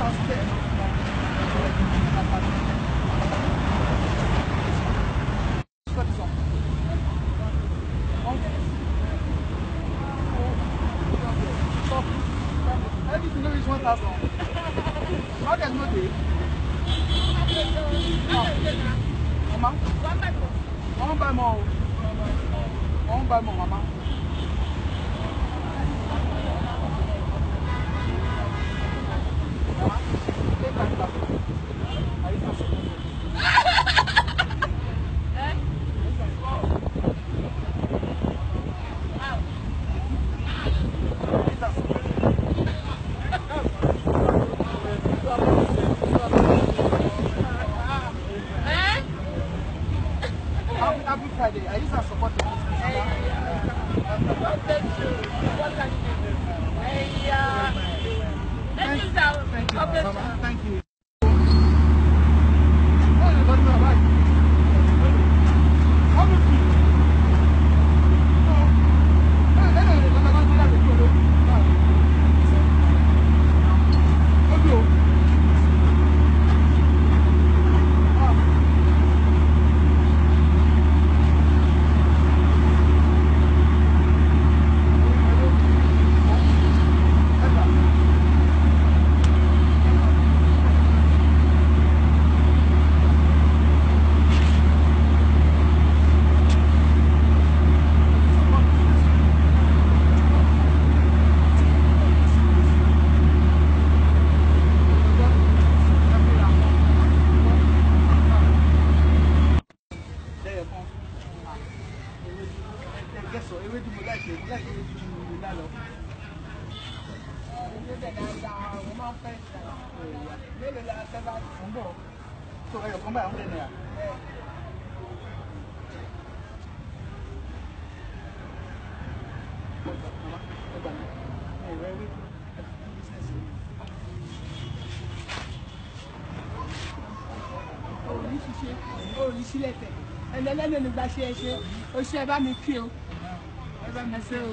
Mama. One by more. One by more, Mama. Thank you. tó ẹyọ kan báyìí àwọn ènìyàn. òní ṣiṣẹ́ òní sílẹ̀ tẹ̀ ẹ̀lẹ́lẹ́nu nígbà ṣe é ṣe ó ṣe ẹ bá mi kí o ẹ bá mi ṣe o.